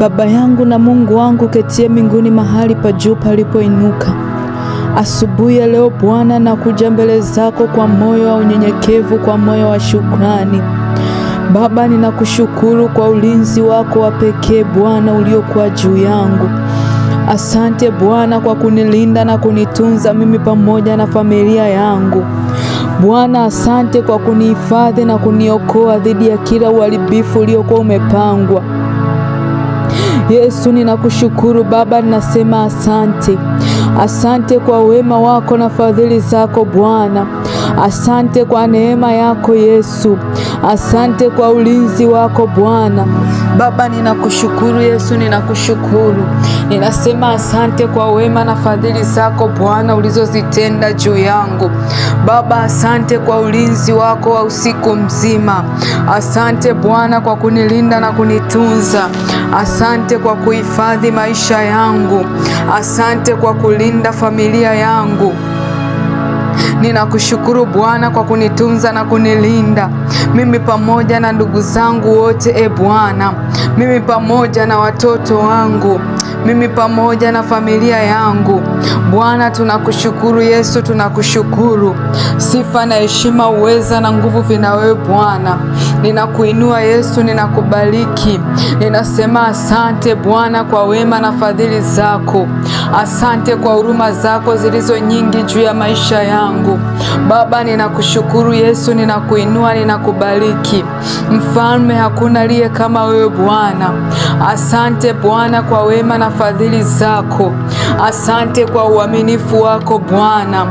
Baba yangu na Mungu wangu ketie mbinguni mahali pa juu palipoinuka. Asubuhi ya leo Bwana, nakuja mbele zako kwa moyo wa unyenyekevu, kwa moyo wa shukrani. Baba, ninakushukuru kwa ulinzi wako wa pekee Bwana uliokuwa juu yangu. Asante Bwana kwa kunilinda na kunitunza mimi pamoja na familia yangu. Bwana, asante kwa kunihifadhi na kuniokoa dhidi ya kila uharibifu uliokuwa umepangwa. Yesu, ninakushukuru Baba, ninasema asante, asante kwa wema wako na fadhili zako Bwana. Asante kwa neema yako Yesu, asante kwa ulinzi wako Bwana. Baba, ninakushukuru Yesu, ninakushukuru. Ninasema asante kwa wema na fadhili zako Bwana ulizozitenda juu yangu. Baba, asante kwa ulinzi wako wa usiku mzima. Asante Bwana kwa kunilinda na kunitunza. Asante kwa kuhifadhi maisha yangu. Asante kwa kulinda familia yangu. Ninakushukuru Bwana kwa kunitunza na kunilinda mimi pamoja na ndugu zangu wote, e Bwana, mimi pamoja na watoto wangu mimi pamoja na familia yangu. Bwana tunakushukuru, Yesu tunakushukuru. Sifa na heshima, uweza na nguvu vina wewe Bwana. Ninakuinua Yesu, ninakubariki, ninasema asante Bwana kwa wema na fadhili zako. Asante kwa huruma zako zilizo nyingi juu ya maisha yangu Baba. Ninakushukuru Yesu, ninakuinua, ninakubariki. Mfalme, hakuna aliye kama wewe Bwana. Asante Bwana kwa wema na fadhili zako. Asante kwa uaminifu wako Bwana,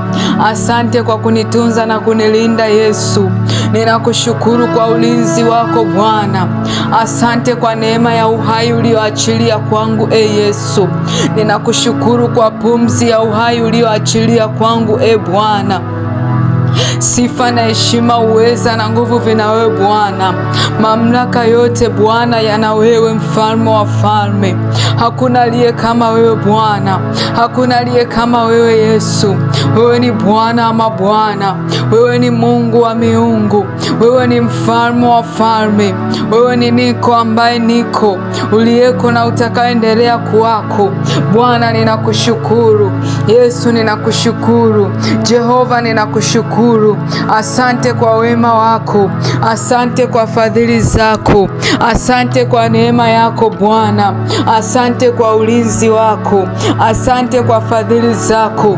asante kwa kunitunza na kunilinda Yesu. Ninakushukuru kwa ulinzi wako Bwana, asante kwa neema ya uhai ulioachilia kwangu e Yesu. Ninakushukuru kwa pumzi ya uhai ulioachilia kwangu e Bwana. Sifa na heshima, uweza na nguvu vina wewe Bwana. Mamlaka yote Bwana yana wewe, mfalme wa falme. Hakuna aliye kama wewe Bwana, hakuna aliye kama wewe Yesu. Wewe ni Bwana ama bwana wewe ni Mungu wa miungu, wewe ni mfalme wa falme, wewe ni niko ambaye niko, uliyeko na utakaendelea kuwako. Bwana ninakushukuru, Yesu ninakushukuru, Jehova ninakushukuru Asante kwa wema wako, asante kwa fadhili zako, asante kwa neema yako Bwana, asante kwa ulinzi wako, asante kwa fadhili zako.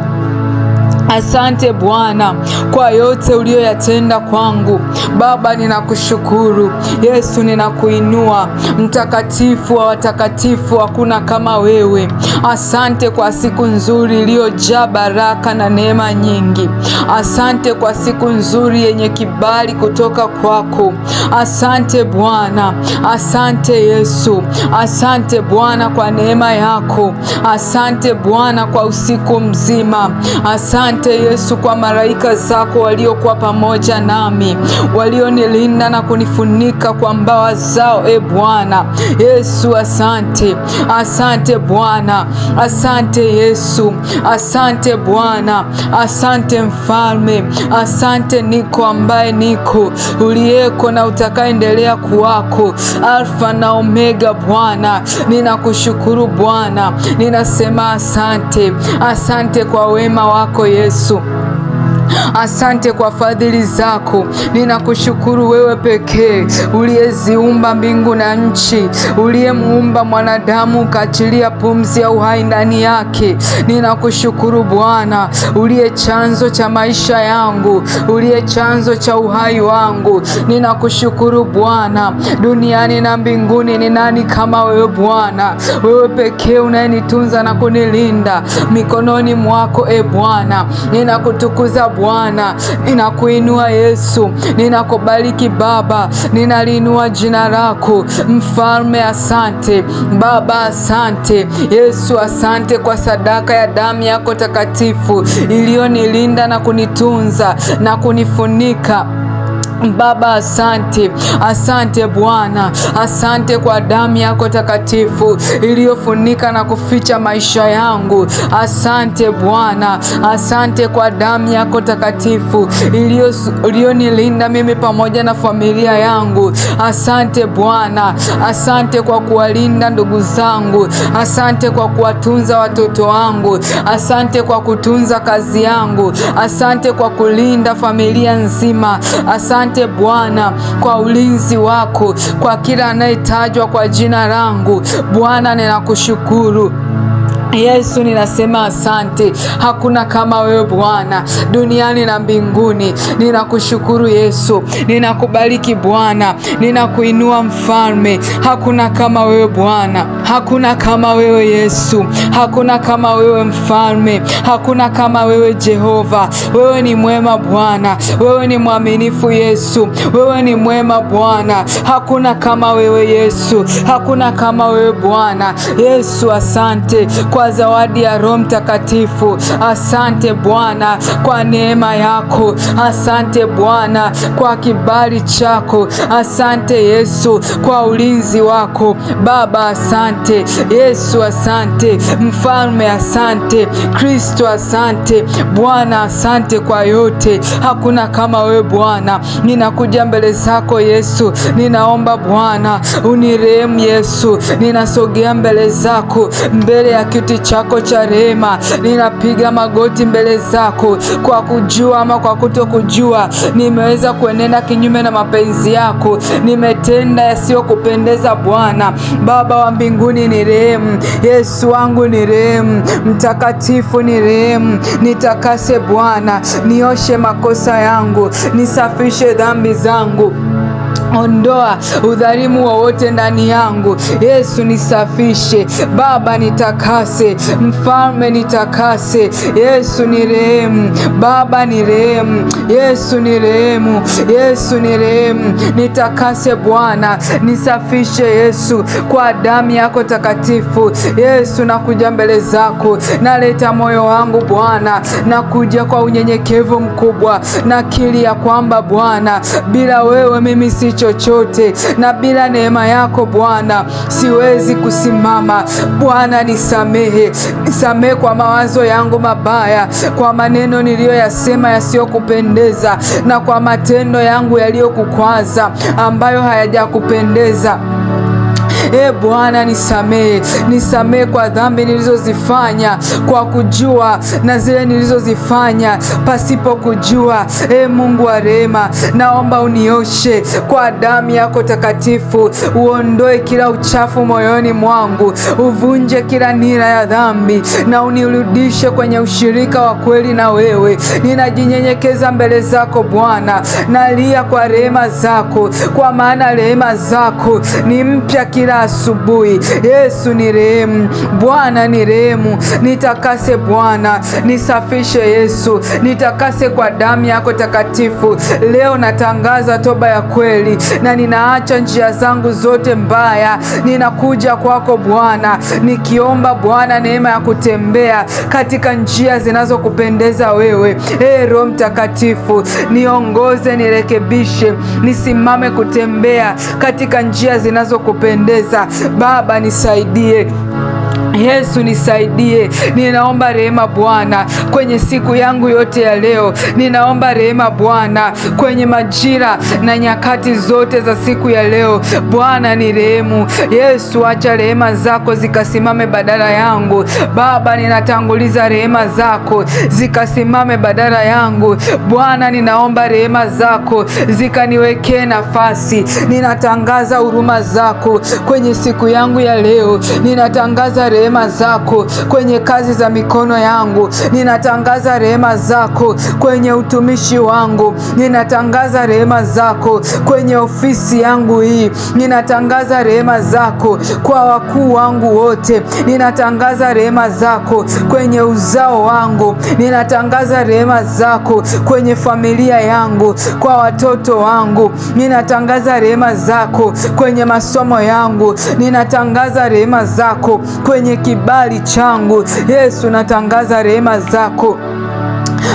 Asante Bwana kwa yote uliyoyatenda kwangu. Baba, ninakushukuru. Yesu, ninakuinua, mtakatifu wa watakatifu, hakuna kama wewe. Asante kwa siku nzuri iliyojaa baraka na neema nyingi. Asante kwa siku nzuri yenye kibali kutoka kwako. Asante Bwana, asante Yesu, asante Bwana kwa neema yako. Asante Bwana kwa usiku mzima. Asante Asante Yesu kwa malaika zako waliokuwa pamoja nami, walionilinda na kunifunika kwa mbawa zao. E Bwana Yesu, asante, asante Bwana, asante Yesu, asante Bwana, asante Mfalme, asante niko ambaye niko uliyeko na utakaendelea kuwako, Alfa na Omega. Bwana ninakushukuru Bwana, ninasema asante, asante kwa wema wako Yesu. Soon. Asante kwa fadhili zako, ninakushukuru wewe pekee uliyeziumba mbingu na nchi, uliyemuumba mwanadamu ukaachilia pumzi ya uhai ndani yake. Ninakushukuru Bwana uliye chanzo cha maisha yangu, uliye chanzo cha uhai wangu. Ninakushukuru Bwana. Duniani na mbinguni ni nani kama wewe Bwana? Wewe pekee unayenitunza na kunilinda mikononi mwako, e Bwana, ninakutukuza Bwana. Bwana, ninakuinua Yesu, ninakubariki Baba, ninaliinua jina lako Mfalme. Asante Baba, asante Yesu, asante kwa sadaka ya damu yako takatifu iliyonilinda na kunitunza na kunifunika Baba, asante, asante Bwana, asante kwa damu yako takatifu iliyofunika na kuficha maisha yangu. Asante Bwana, asante kwa damu yako takatifu iliyonilinda mimi pamoja na familia yangu. Asante Bwana, asante kwa kuwalinda ndugu zangu, asante kwa kuwatunza watoto wangu, asante kwa kutunza kazi yangu, asante kwa kulinda familia nzima, asante Asante Bwana kwa ulinzi wako, kwa kila anayetajwa kwa jina langu. Bwana ninakushukuru Yesu, ninasema asante. Hakuna kama wewe Bwana duniani na mbinguni. Ninakushukuru Yesu, ninakubariki Bwana, ninakuinua Mfalme. Hakuna kama wewe Bwana. Hakuna kama wewe Yesu, hakuna kama wewe mfalme, hakuna kama wewe Jehova. Wewe ni mwema Bwana, wewe ni mwaminifu Yesu, wewe ni mwema Bwana. Hakuna kama wewe Yesu, hakuna kama wewe Bwana Yesu. Asante kwa zawadi ya Roho Mtakatifu, asante Bwana kwa neema yako, asante Bwana kwa kibali chako, asante Yesu kwa ulinzi wako Baba, asante asante Yesu, asante Mfalme, asante Kristo, asante Bwana, asante kwa yote. Hakuna kama wewe Bwana. Ninakuja mbele zako Yesu, ninaomba Bwana unirehemu Yesu, ninasogea mbele zako, mbele ya kiti chako cha rehema, ninapiga magoti mbele zako. Kwa kujua ama kwa kutokujua, nimeweza kuenenda kinyume na mapenzi yako, nimetenda yasiyokupendeza Bwana Baba wa mbinguni mbinguni ni rehemu. Yesu wangu ni rehemu, mtakatifu ni rehemu. Nitakase Bwana, nioshe makosa yangu, nisafishe dhambi zangu Ondoa udhalimu wowote ndani yangu. Yesu nisafishe, Baba nitakase, Mfalme nitakase. Yesu ni rehemu, Baba ni rehemu, Yesu ni rehemu, Yesu ni rehemu. Nitakase Bwana, nisafishe Yesu kwa damu yako takatifu. Yesu nakuja mbele zako, naleta moyo wangu Bwana, nakuja kwa unyenyekevu mkubwa, nakiri ya kwamba Bwana, bila wewe mimi si chochote, na bila neema yako Bwana siwezi kusimama. Bwana nisamehe, nisamehe kwa mawazo yangu mabaya, kwa maneno niliyoyasema yasiyokupendeza, na kwa matendo yangu yaliyokukwaza ambayo hayajakupendeza. E Bwana, nisamehe, nisamehe kwa dhambi nilizozifanya kwa kujua na zile nilizozifanya pasipo kujua. E Mungu wa rehema, naomba unioshe kwa damu yako takatifu, uondoe kila uchafu moyoni mwangu, uvunje kila nira ya dhambi na unirudishe kwenye ushirika wa kweli na wewe. Ninajinyenyekeza mbele zako Bwana, nalia kwa rehema zako, kwa maana rehema zako ni mpya kila asubuhi. Yesu ni rehemu, Bwana ni rehemu. Nitakase Bwana, nisafishe Yesu, nitakase kwa damu yako takatifu. Leo natangaza toba ya kweli na ninaacha njia zangu zote mbaya, ninakuja kwako Bwana nikiomba Bwana neema ya kutembea katika njia zinazokupendeza wewe. Ee Roho Mtakatifu, niongoze, nirekebishe, nisimame kutembea katika njia zinazokupendeza Baba nisaidie Yesu nisaidie, ninaomba rehema Bwana kwenye siku yangu yote ya leo, ninaomba rehema Bwana kwenye majira na nyakati zote za siku ya leo. Bwana ni rehemu, Yesu acha rehema zako zikasimame badala yangu. Baba, ninatanguliza rehema zako zikasimame badala yangu. Bwana, ninaomba rehema zako zikaniwekee nafasi. Ninatangaza huruma zako kwenye siku yangu ya leo, ninatangaza rehema rehema zako kwenye kazi za mikono yangu, ninatangaza rehema zako kwenye utumishi wangu, ninatangaza rehema zako kwenye ofisi yangu hii, ninatangaza rehema zako kwa wakuu wangu wote, ninatangaza rehema zako kwenye uzao wangu, ninatangaza rehema zako kwenye familia yangu, kwa watoto wangu, ninatangaza rehema zako kwenye masomo yangu, ninatangaza rehema zako kwenye kwenye kibali changu. Yesu, natangaza rehema zako.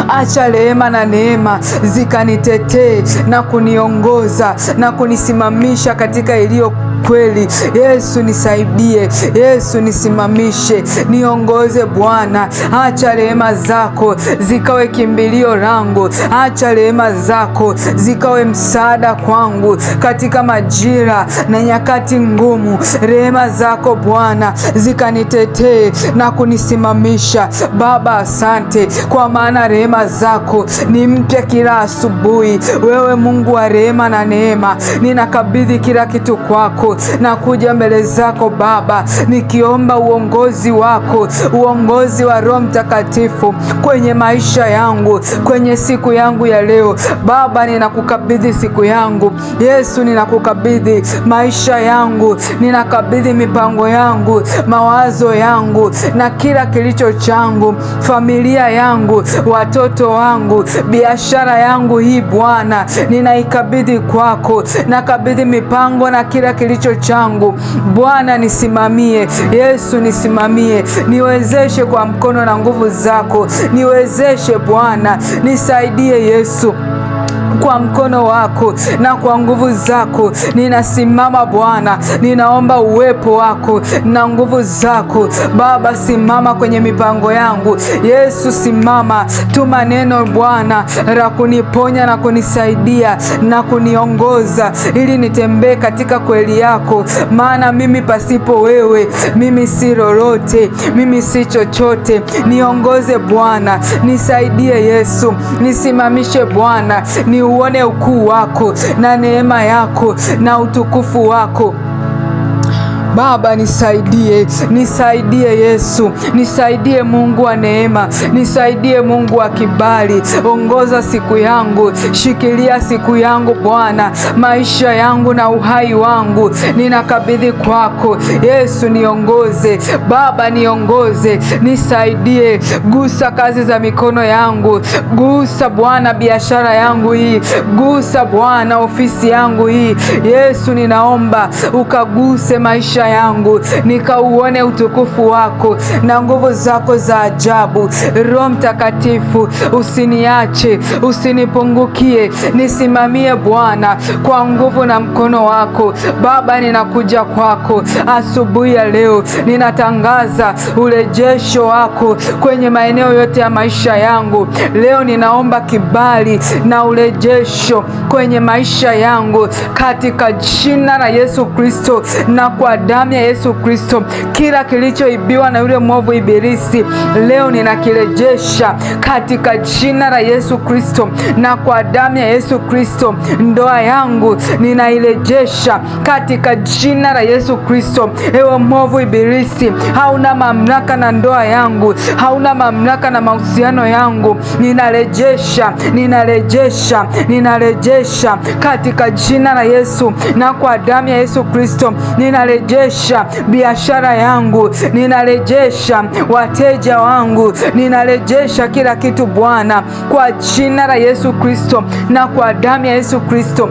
Acha rehema na neema zikanitetee na kuniongoza na kunisimamisha katika iliyo kweli. Yesu nisaidie, Yesu nisimamishe, niongoze Bwana. Acha rehema zako zikawe kimbilio langu, acha rehema zako zikawe msaada kwangu katika majira na nyakati ngumu. Rehema zako Bwana zikanitetee na kunisimamisha. Baba, asante kwa maana rehema zako ni mpya kila asubuhi. Wewe Mungu wa rehema na neema, ninakabidhi kila kitu kwako wako, nakuja mbele zako Baba nikiomba uongozi wako, uongozi wa Roho Mtakatifu kwenye maisha yangu, kwenye siku yangu ya leo. Baba, ninakukabidhi siku yangu Yesu, ninakukabidhi maisha yangu, ninakabidhi mipango yangu, mawazo yangu na kila kilicho changu, familia yangu, watoto wangu, biashara yangu hii Bwana ninaikabidhi kwako, nakabidhi mipango na kila kilicho kilicho changu. Bwana nisimamie, Yesu nisimamie, niwezeshe kwa mkono na nguvu zako, niwezeshe Bwana, nisaidie Yesu kwa mkono wako na kwa nguvu zako. Ninasimama Bwana, ninaomba uwepo wako na nguvu zako Baba. Simama kwenye mipango yangu Yesu, simama tuma neno Bwana la kuniponya na kunisaidia na kuniongoza ili nitembee katika kweli yako, maana mimi pasipo wewe mimi si lolote, mimi si chochote. Niongoze Bwana, nisaidie Yesu, nisimamishe Bwana ni uone ukuu wako na neema yako na utukufu wako. Baba nisaidie, nisaidie Yesu, nisaidie Mungu wa neema, nisaidie Mungu wa kibali. Ongoza siku yangu, shikilia siku yangu Bwana, maisha yangu na uhai wangu ninakabidhi kwako Yesu. Niongoze Baba, niongoze, nisaidie. Gusa kazi za mikono yangu, gusa Bwana biashara yangu hii, gusa Bwana ofisi yangu hii. Yesu, ninaomba ukaguse maisha yangu, nikauone utukufu wako na nguvu zako za ajabu. Roho Mtakatifu, usiniache, usinipungukie, nisimamie Bwana kwa nguvu na mkono wako. Baba, ninakuja kwako asubuhi ya leo, ninatangaza urejesho wako kwenye maeneo yote ya maisha yangu. Leo ninaomba kibali na urejesho kwenye maisha yangu katika jina la Yesu Kristo na kwa damu ya Yesu Kristo, kila kilichoibiwa na yule mwovu Ibilisi leo ninakirejesha katika jina la Yesu Kristo, na kwa damu ya Yesu Kristo ndoa yangu ninairejesha katika jina la Yesu Kristo. Ewe mwovu Ibilisi, hauna mamlaka na ndoa yangu, hauna mamlaka na mahusiano yangu, ninarejesha, ninarejesha, ninarejesha katika jina la Yesu na kwa damu ya Yesu Kristo ninarejesha ninarejesha biashara yangu, ninarejesha wateja wangu, ninarejesha kila kitu Bwana, kwa jina la Yesu Kristo na kwa damu ya Yesu Kristo.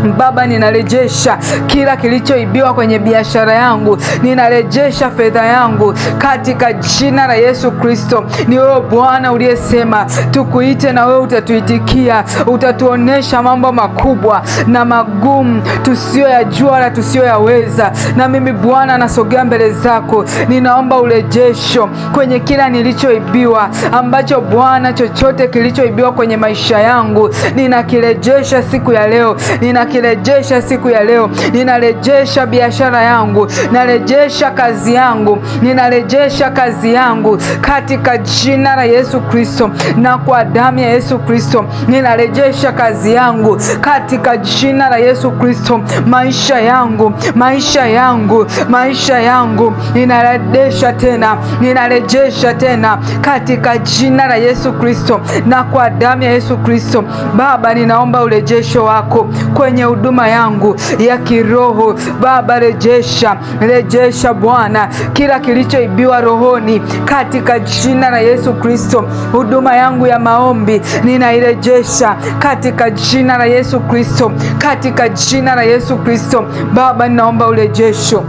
Baba, ninarejesha kila kilichoibiwa kwenye biashara yangu, ninarejesha fedha yangu katika jina la Yesu Kristo. Ni wewe Bwana uliyesema tukuite na wewe utatuitikia, utatuonesha mambo makubwa na magumu tusiyoyajua na tusiyoyaweza. Na mimi Bwana nasogea mbele zako, ninaomba urejesho kwenye kila nilichoibiwa, ambacho Bwana, chochote kilichoibiwa kwenye maisha yangu ninakirejesha siku ya leo nina ninakirejesha siku ya leo. Ninarejesha biashara yangu, narejesha kazi yangu, ninarejesha kazi yangu katika jina la Yesu Kristo na kwa damu ya Yesu Kristo. Ninarejesha kazi yangu katika jina la Yesu Kristo, maisha yangu, maisha yangu, maisha yangu ninarejesha tena, ninarejesha tena katika jina la Yesu Kristo na kwa damu ya Yesu Kristo. Baba, ninaomba urejesho wako kwenye kwenye huduma yangu ya kiroho. Baba, rejesha, rejesha Bwana kila kilichoibiwa rohoni katika jina la Yesu Kristo. Huduma yangu ya maombi ninairejesha katika jina la Yesu Kristo, katika jina la Yesu Kristo. Baba, ninaomba urejesho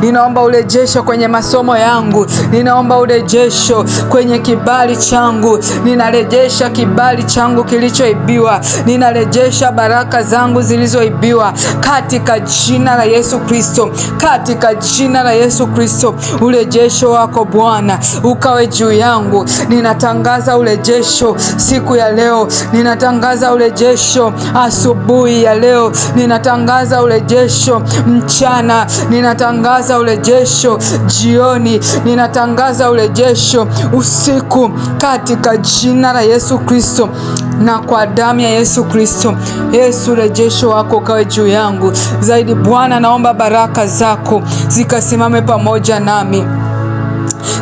ninaomba urejesho kwenye masomo yangu, ninaomba urejesho kwenye kibali changu, ninarejesha kibali changu kilichoibiwa, ninarejesha baraka zangu zilizoibiwa katika jina la Yesu Kristo, katika jina la Yesu Kristo, urejesho wako Bwana ukawe juu yangu. Ninatangaza urejesho siku ya leo, ninatangaza urejesho asubuhi ya leo, ninatangaza urejesho mchana, ninatangaza ninatangaza urejesho jioni, ninatangaza urejesho usiku katika jina la Yesu Kristo na kwa damu ya Yesu Kristo. Yesu, urejesho wako ukawe juu yangu zaidi. Bwana, naomba baraka zako zikasimame pamoja nami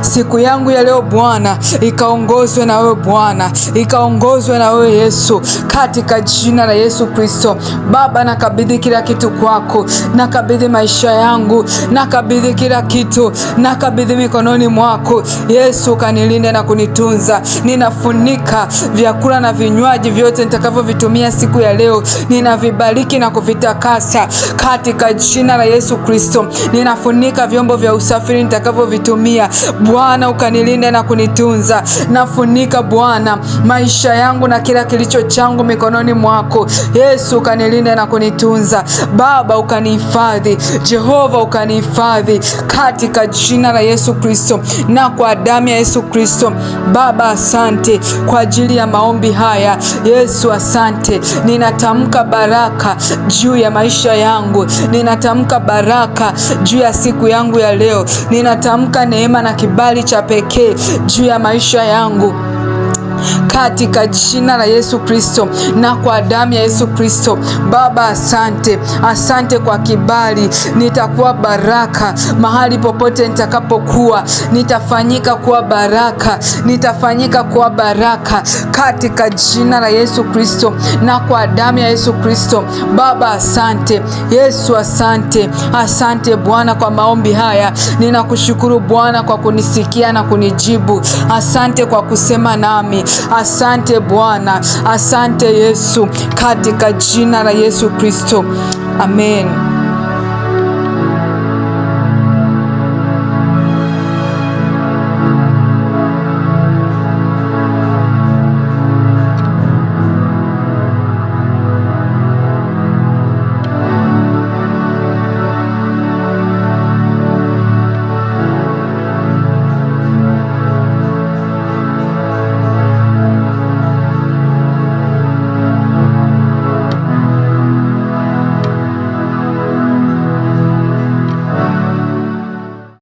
Siku yangu ya leo Bwana ikaongozwe na wewe Bwana, ikaongozwe na wewe Yesu, katika jina la Yesu Kristo. Baba, nakabidhi kila kitu kwako, nakabidhi maisha yangu, nakabidhi kila kitu, nakabidhi mikononi mwako Yesu, kanilinde na kunitunza. Ninafunika vyakula na vinywaji vyote nitakavyovitumia siku ya leo, ninavibariki na kuvitakasa katika jina la Yesu Kristo. Ninafunika vyombo vya usafiri nitakavyovitumia Bwana ukanilinda na kunitunza. Nafunika Bwana maisha yangu na kila kilicho changu mikononi mwako. Yesu ukanilinda na kunitunza. Baba ukanihifadhi, Jehova ukanihifadhi katika jina la Yesu Kristo na kwa damu ya Yesu Kristo. Baba asante kwa ajili ya maombi haya. Yesu asante, ninatamka baraka juu ya maisha yangu, ninatamka baraka juu ya siku yangu ya leo, ninatamka neema na kibali cha pekee juu ya maisha yangu katika jina la Yesu Kristo na kwa damu ya Yesu Kristo. Baba, asante, asante kwa kibali. Nitakuwa baraka mahali popote nitakapokuwa, nitafanyika kuwa baraka, nitafanyika kuwa baraka katika jina la Yesu Kristo na kwa damu ya Yesu Kristo. Baba, asante Yesu, asante, asante Bwana kwa maombi haya. Ninakushukuru Bwana kwa kunisikia na kunijibu. Asante kwa kusema nami Asante Bwana, asante Yesu, katika jina la Yesu Kristo, amen.